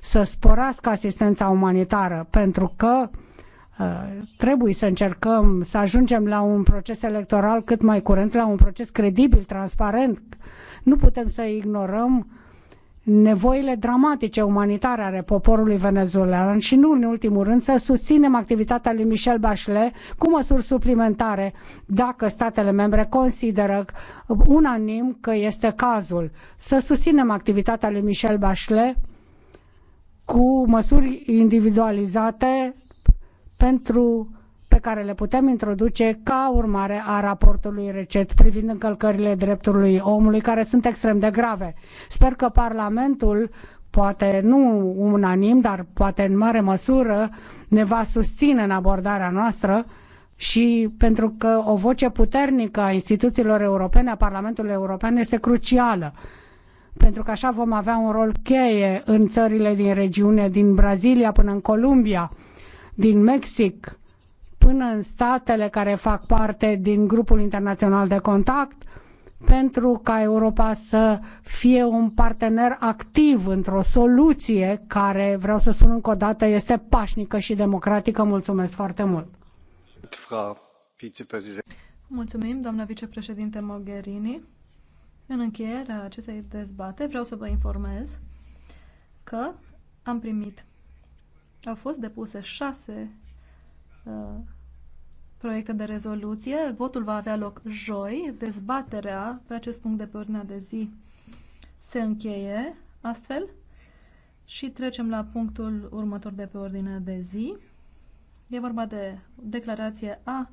să sporească asistența umanitară, pentru că Uh, trebuie să încercăm să ajungem la un proces electoral cât mai curent, la un proces credibil, transparent. Nu putem să ignorăm nevoile dramatice umanitare ale poporului venezuelan și nu în ultimul rând să susținem activitatea lui Michel Bachelet cu măsuri suplimentare dacă statele membre consideră unanim că este cazul. Să susținem activitatea lui Michel Bachelet cu măsuri individualizate pentru pe care le putem introduce ca urmare a raportului recet privind încălcările drepturilor omului, care sunt extrem de grave. Sper că Parlamentul, poate nu unanim, dar poate în mare măsură, ne va susține în abordarea noastră și pentru că o voce puternică a instituțiilor europene, a Parlamentului European, este crucială pentru că așa vom avea un rol cheie în țările din regiune, din Brazilia până în Columbia, din Mexic până în statele care fac parte din grupul internațional de contact, pentru ca Europa să fie un partener activ într-o soluție care, vreau să spun încă o dată, este pașnică și democratică. Mulțumesc foarte mult! Mulțumim, doamna vicepreședinte Mogherini. În încheierea acestei dezbate vreau să vă informez că am primit au fost depuse șase uh, proiecte de rezoluție. Votul va avea loc joi. Dezbaterea pe acest punct de pe ordinea de zi se încheie astfel și trecem la punctul următor de pe ordinea de zi. E vorba de declarație a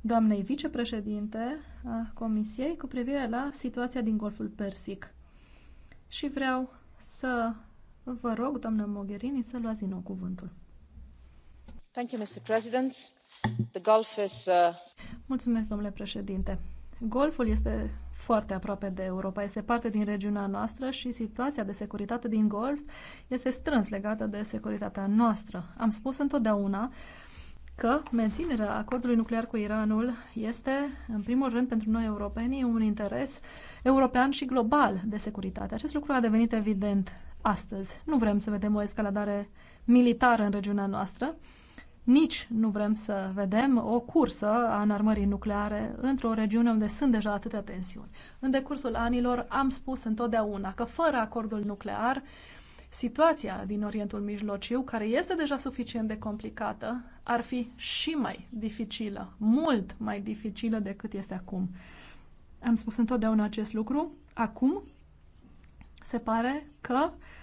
doamnei vicepreședinte a Comisiei cu privire la situația din Golful Persic. Și vreau să Vă rog, doamnă Mogherini, să luați din nou cuvântul. Uh, Mulțumesc, domnule președinte. Golful este foarte aproape de Europa, este parte din regiunea noastră și situația de securitate din Golf este strâns legată de securitatea noastră. Am spus întotdeauna că menținerea acordului nuclear cu Iranul este, în primul rând, pentru noi europenii, un interes european și global de securitate. Acest lucru a devenit evident astăzi. Nu vrem să vedem o escaladare militară în regiunea noastră, nici nu vrem să vedem o cursă a înarmării nucleare într-o regiune unde sunt deja atâtea tensiuni. În decursul anilor am spus întotdeauna că fără acordul nuclear, situația din Orientul Mijlociu, care este deja suficient de complicată, ar fi și mai dificilă, mult mai dificilă decât este acum. Am spus întotdeauna acest lucru. Acum se pare că uh,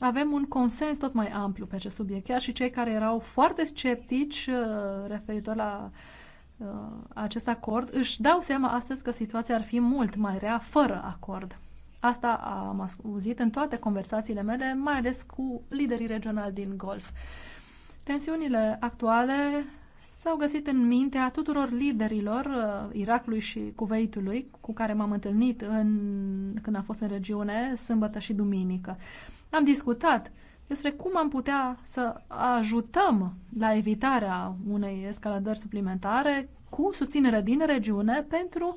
avem un consens tot mai amplu pe acest subiect. Chiar și cei care erau foarte sceptici uh, referitor la uh, acest acord își dau seama astăzi că situația ar fi mult mai rea fără acord. Asta am auzit în toate conversațiile mele, mai ales cu liderii regionali din Golf. Tensiunile actuale s-au găsit în mintea tuturor liderilor uh, Irakului și Cuveitului cu care m-am întâlnit în, când am fost în regiune sâmbătă și duminică. Uh, am discutat despre cum am putea să ajutăm la evitarea unei escaladări suplimentare cu susținere din regiune pentru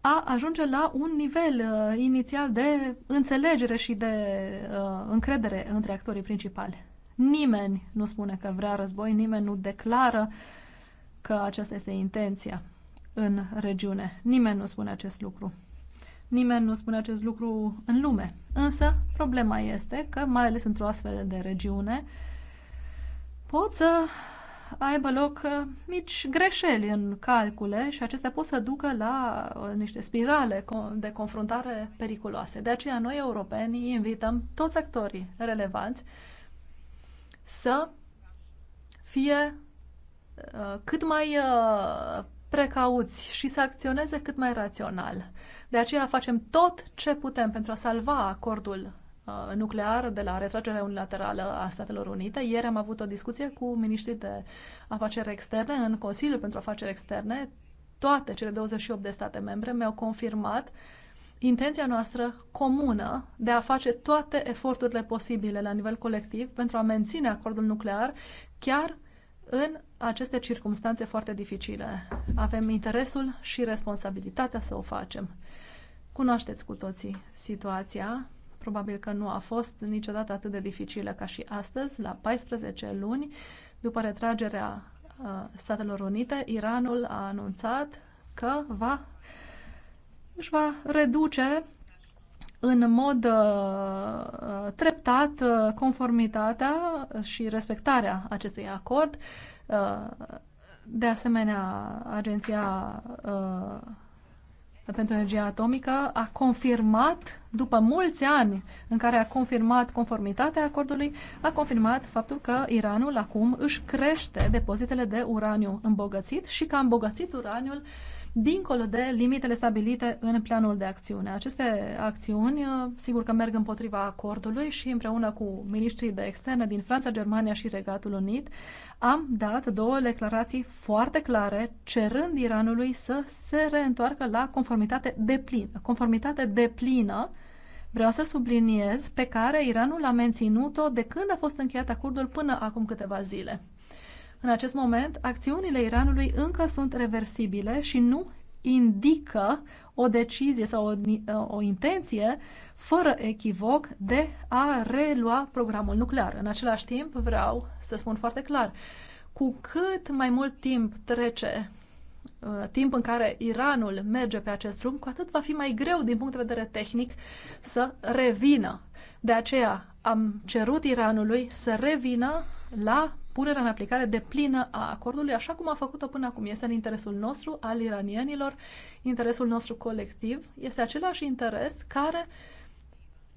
a ajunge la un nivel uh, inițial de înțelegere și de uh, încredere între actorii principali. Nimeni nu spune că vrea război, nimeni nu declară că aceasta este intenția în regiune. Nimeni nu spune acest lucru. Nimeni nu spune acest lucru în lume. Însă, problema este că, mai ales într-o astfel de regiune, pot să aibă loc uh, mici greșeli în calcule și acestea pot să ducă la uh, niște spirale de confruntare periculoase. De aceea noi, europeni invităm toți actorii relevanți să fie uh, cât mai precauți și să acționeze cât mai rațional. De aceea facem tot ce putem pentru a salva acordul uh, nuclear de la retragerea unilaterală a Statelor Unite. Ieri am avut o discuție cu miniștrii de afaceri externe în Consiliul pentru Afaceri Externe. Toate cele 28 de state membre mi-au confirmat intenția noastră comună de a face toate eforturile posibile la nivel colectiv pentru a menține acordul nuclear chiar în aceste circunstanțe foarte dificile. Avem interesul și responsabilitatea să o facem. Cunoașteți cu toții situația. Probabil că nu a fost niciodată atât de dificilă ca și astăzi, la 14 luni după retragerea uh, Statelor Unite, Iranul a anunțat că va își va reduce în mod uh, treptat uh, conformitatea și respectarea acestui acord. Uh, de asemenea, Agenția uh, pentru energia atomică a confirmat, după mulți ani în care a confirmat conformitatea acordului, a confirmat faptul că Iranul acum își crește depozitele de uraniu îmbogățit și că a îmbogățit uraniul uh, dincolo de limitele stabilite în planul de acțiune. Aceste acțiuni, uh, sigur că merg împotriva acordului și împreună cu ministrii de externe din Franța, Germania și Regatul Unit, am dat două declarații foarte clare cerând Iranului să se reîntoarcă la conformitate deplină. Conformitate deplină vreau să subliniez, pe care Iranul a menținut-o de când a fost încheiat acordul până acum câteva zile. În acest moment, acțiunile Iranului încă sunt reversibile și nu indică o decizie sau o, o intenție fără echivoc de a relua programul nuclear. În același timp, vreau să spun foarte clar, cu cât mai mult timp trece uh, timp în care Iranul merge pe acest drum, cu atât va fi mai greu din punct de vedere tehnic să revină. De aceea am cerut Iranului să revină la punerea în aplicare plină a acordului, așa cum a făcut-o până acum. Este în interesul nostru, al iranienilor, interesul nostru colectiv, este același interes care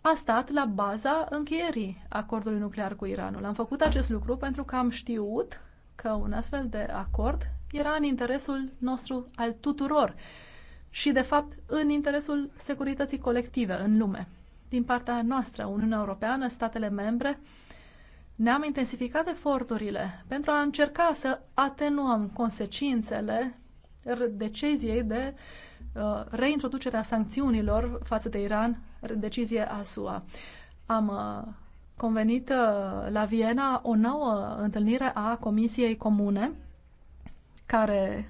a stat la baza încheierii acordului nuclear cu Iranul. Am făcut acest lucru pentru că am știut că un astfel de acord era în interesul nostru al tuturor și, de fapt, în interesul securității colective în lume. Din partea noastră, Uniunea Europeană, statele membre, ne-am intensificat eforturile pentru a încerca să atenuăm consecințele deciziei de uh, reintroducerea sancțiunilor față de Iran, decizie a SUA. Am uh, convenit uh, la Viena o nouă întâlnire a Comisiei Comune care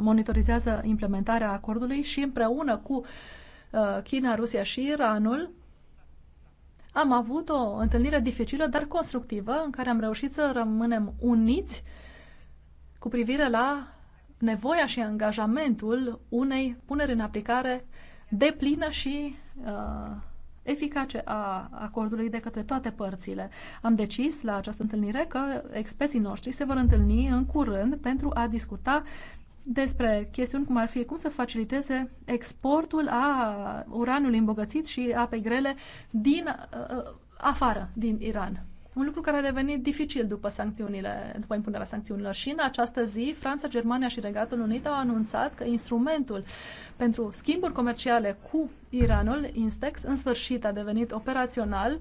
monitorizează implementarea acordului și împreună cu China, Rusia și Iranul am avut o întâlnire dificilă, dar constructivă, în care am reușit să rămânem uniți cu privire la nevoia și angajamentul unei puneri în aplicare deplină și uh, eficace a acordului de către toate părțile. Am decis la această întâlnire că experții noștri se vor întâlni în curând pentru a discuta despre chestiuni cum ar fi cum să faciliteze exportul a uranului îmbogățit și apei grele din uh, afară, din Iran. Un lucru care a devenit dificil după sancțiunile, după impunerea sancțiunilor. Și în această zi, Franța, Germania și Regatul Unit au anunțat că instrumentul pentru schimburi comerciale cu Iranul, Instex, în sfârșit a devenit operațional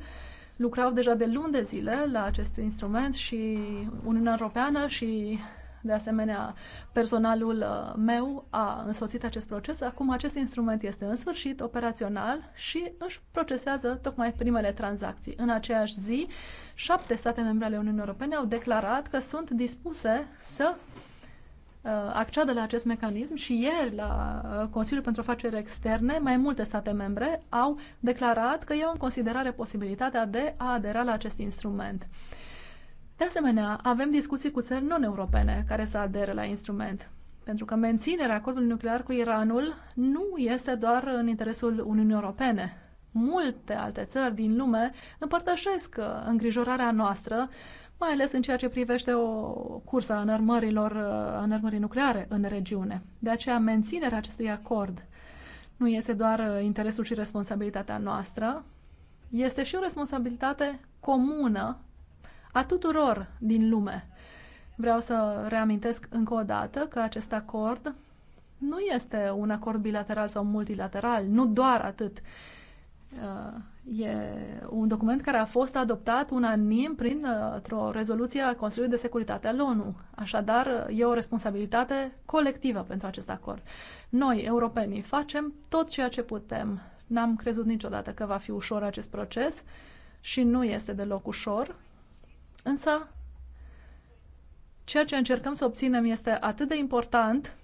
lucrau deja de luni de zile la acest instrument și Uniunea Europeană și de asemenea, personalul uh, meu a însoțit acest proces. Acum acest instrument este în sfârșit operațional și își procesează tocmai primele tranzacții. În aceeași zi, șapte state membre ale Uniunii Europene au declarat că sunt dispuse să uh, acceadă la acest mecanism și ieri la uh, Consiliul pentru Afaceri Externe mai multe state membre au declarat că iau în considerare posibilitatea de a adera la acest instrument. De asemenea, avem discuții cu țări non-europene care să adere la instrument. Pentru că menținerea acordului nuclear cu Iranul nu este doar în interesul Uniunii Europene. Multe alte țări din lume împărtășesc uh, îngrijorarea noastră, mai ales în ceea ce privește o cursă a uh, a înărmării nucleare în regiune. De aceea, menținerea acestui acord nu este doar uh, interesul și responsabilitatea noastră, este și o responsabilitate comună a tuturor din lume. Vreau să reamintesc încă o dată că acest acord nu este un acord bilateral sau multilateral, nu doar atât. Uh, e un document care a fost adoptat unanim prin uh, o rezoluție a Consiliului de Securitate al ONU. Așadar, uh, e o responsabilitate colectivă pentru acest acord. Noi, europenii, facem tot ceea ce putem. N-am crezut niciodată că va fi ușor acest proces și nu este deloc ușor Însă, ceea ce încercăm să obținem este atât de important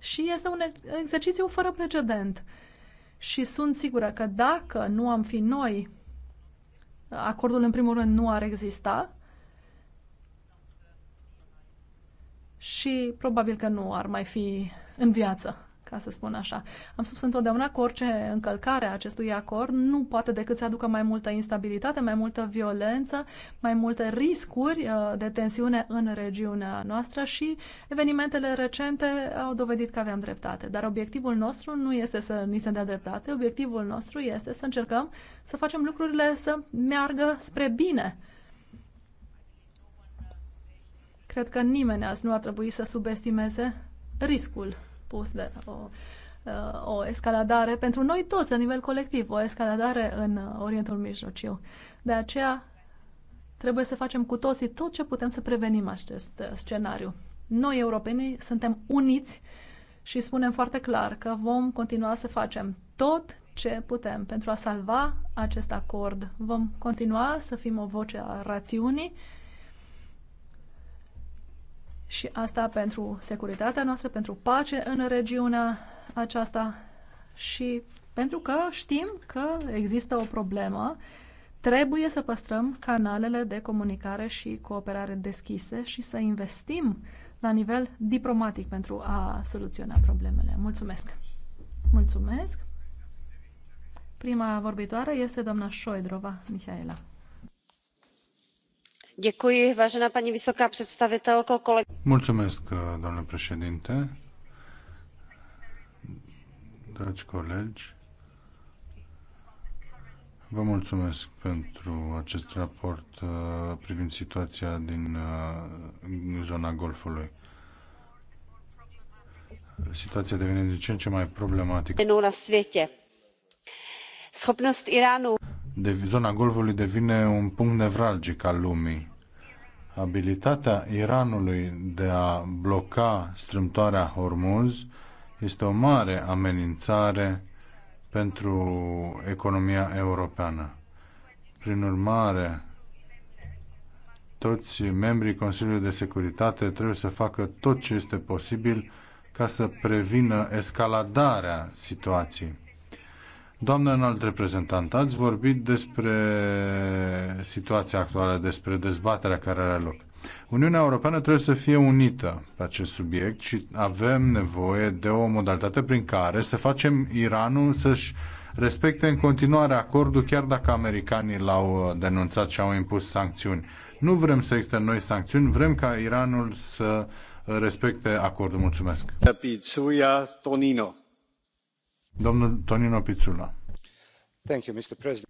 și este un exercițiu fără precedent. Și sunt sigură că dacă nu am fi noi, acordul în primul rând nu ar exista și probabil că nu ar mai fi în viață ca să spun așa. Am spus întotdeauna că orice încălcare a acestui acord nu poate decât să aducă mai multă instabilitate, mai multă violență, mai multe riscuri uh, de tensiune în regiunea noastră și evenimentele recente au dovedit că aveam dreptate. Dar obiectivul nostru nu este să ni se dea dreptate, obiectivul nostru este să încercăm să facem lucrurile să meargă spre bine. Cred că nimeni azi nu ar trebui să subestimeze riscul spus de o, uh, o escaladare pentru noi toți, la nivel colectiv, o escaladare în uh, Orientul Mijlociu. De aceea trebuie să facem cu toții tot ce putem să prevenim acest uh, scenariu. Noi, europenii, suntem uniți și spunem foarte clar că vom continua să facem tot ce putem pentru a salva acest acord. Vom continua să fim o voce a rațiunii și asta pentru securitatea noastră, pentru pace în regiunea aceasta și pentru că știm că există o problemă, trebuie să păstrăm canalele de comunicare și cooperare deschise și să investim la nivel diplomatic pentru a soluționa problemele. Mulțumesc! Mulțumesc! Prima vorbitoare este doamna Șoidrova Mihaela. Mulțumesc, domnule președinte. Dragi colegi, vă mulțumesc pentru acest raport uh, privind situația din uh, zona Golfului. Situația devine din ce în ce mai problematică de, zona Golfului devine un punct nevralgic al lumii. Abilitatea Iranului de a bloca strâmtoarea Hormuz este o mare amenințare pentru economia europeană. Prin urmare, toți membrii Consiliului de Securitate trebuie să facă tot ce este posibil ca să prevină escaladarea situației. Doamnă înalt reprezentant, ați vorbit despre situația actuală, despre dezbaterea care are loc. Uniunea Europeană trebuie să fie unită pe acest subiect și avem nevoie de o modalitate prin care să facem Iranul să-și respecte în continuare acordul, chiar dacă americanii l-au uh, denunțat și au impus sancțiuni. Nu vrem să existe noi sancțiuni, vrem ca Iranul să uh, respecte acordul. Mulțumesc. Pizzuia Tonino Domnul Tonino domnule președinte.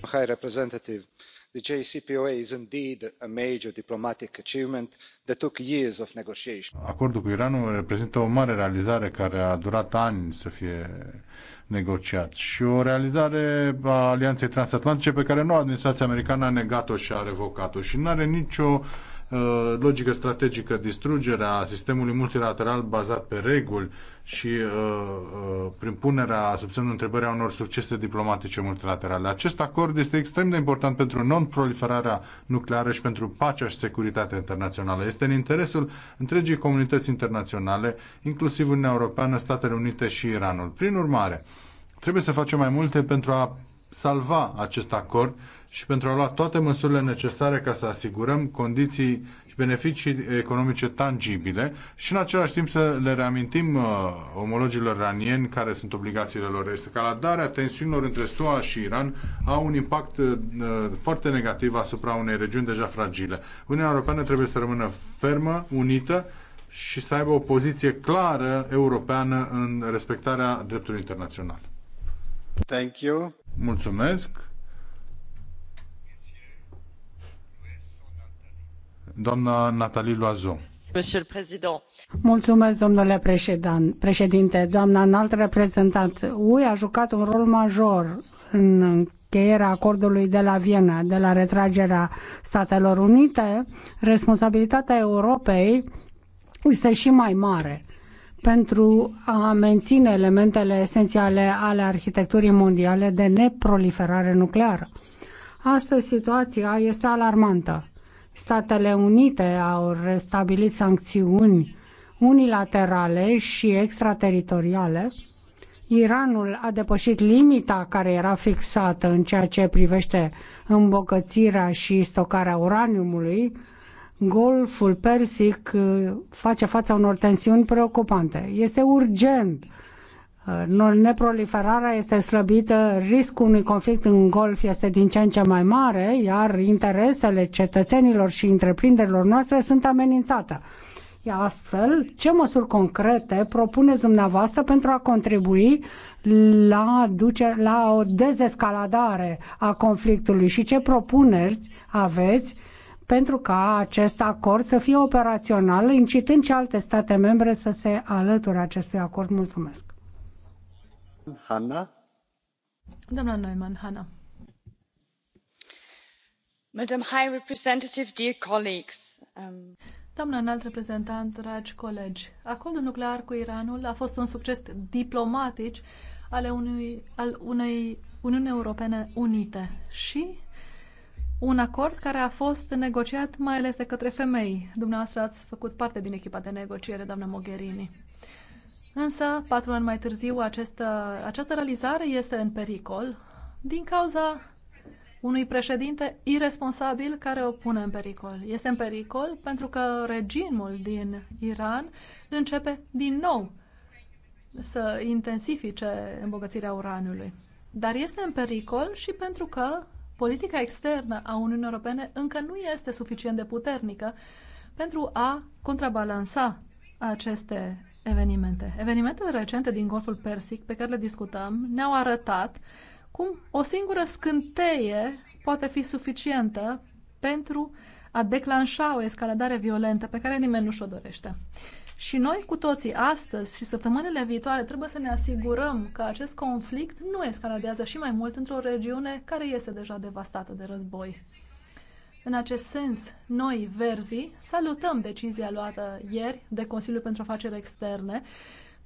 High Representative, the JCPOA is indeed a major diplomatic achievement that took years of negotiation. Acordul cu Iranul reprezintă o mare realizare care a durat ani să fie negociat și o realizare a alianței transatlantice pe care noua administrație americană a negat-o și a revocat-o și nu are nicio Uh, logică strategică, distrugerea sistemului multilateral bazat pe reguli și uh, uh, prin punerea sub semnul întrebării a unor succese diplomatice multilaterale. Acest acord este extrem de important pentru non-proliferarea nucleară și pentru pacea și securitatea internațională. Este în interesul întregii comunități internaționale, inclusiv Uniunea Europeană, Statele Unite și Iranul. Prin urmare, trebuie să facem mai multe pentru a salva acest acord și pentru a lua toate măsurile necesare ca să asigurăm condiții și beneficii economice tangibile și în același timp să le reamintim uh, omologilor iranieni care sunt obligațiile lor. Escaladarea tensiunilor între SUA și Iran au un impact uh, foarte negativ asupra unei regiuni deja fragile. Uniunea Europeană trebuie să rămână fermă, unită și să aibă o poziție clară europeană în respectarea dreptului internațional. Thank you. Mulțumesc. Doamna Natalie Loazo. Mulțumesc, domnule președinte. Doamna înalt reprezentant, UE a jucat un rol major în încheierea acordului de la Viena, de la retragerea Statelor Unite. Responsabilitatea Europei este și mai mare pentru a menține elementele esențiale ale arhitecturii mondiale de neproliferare nucleară. Astăzi situația este alarmantă Statele Unite au restabilit sancțiuni unilaterale și extrateritoriale. Iranul a depășit limita care era fixată în ceea ce privește îmbogățirea și stocarea uraniumului. Golful Persic uh, face fața unor tensiuni preocupante. Este urgent neproliferarea este slăbită, riscul unui conflict în Golf este din ce în ce mai mare, iar interesele cetățenilor și întreprinderilor noastre sunt amenințate. Astfel, ce măsuri concrete propuneți dumneavoastră pentru a contribui la, duce, la o dezescaladare a conflictului și ce propuneri aveți pentru ca acest acord să fie operațional, incitând și alte state membre să se alăture acestui acord? Mulțumesc! doamnă Neumann, Hanna. High Representative, dear colleagues. Um, înalt reprezentant, dragi colegi, acordul nuclear cu Iranul a fost un succes diplomatic al unei Uniuni Europene unite și un acord care a fost negociat mai ales de către femei. Dumneavoastră ați făcut parte din echipa de negociere, doamnă Mogherini. Însă, patru ani mai târziu, această, această realizare este în pericol din cauza unui președinte irresponsabil care o pune în pericol. Este în pericol pentru că regimul din Iran începe din nou să intensifice îmbogățirea uraniului. Dar este în pericol și pentru că politica externă a Uniunii Europene încă nu este suficient de puternică pentru a contrabalansa aceste evenimente. Evenimentele recente din Golful Persic pe care le discutăm ne-au arătat cum o singură scânteie poate fi suficientă pentru a declanșa o escaladare violentă pe care nimeni nu și-o dorește. Și noi cu toții astăzi și săptămânile viitoare trebuie să ne asigurăm că acest conflict nu escaladează și mai mult într-o regiune care este deja devastată de război. În acest sens, noi, verzii, salutăm decizia luată ieri de Consiliul pentru Afaceri Externe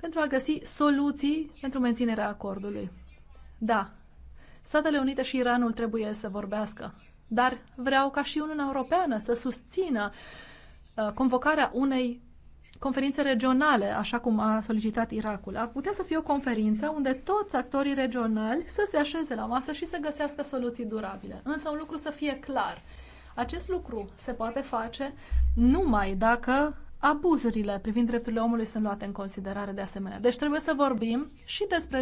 pentru a găsi soluții pentru menținerea acordului. Da, Statele Unite și Iranul trebuie să vorbească, dar vreau ca și Uniunea Europeană să susțină uh, convocarea unei conferințe regionale, așa cum a solicitat Irakul. Ar putea să fie o conferință unde toți actorii regionali să se așeze la masă și să găsească soluții durabile. Însă un lucru să fie clar – acest lucru se poate face numai dacă abuzurile privind drepturile omului sunt luate în considerare de asemenea. Deci trebuie să vorbim și despre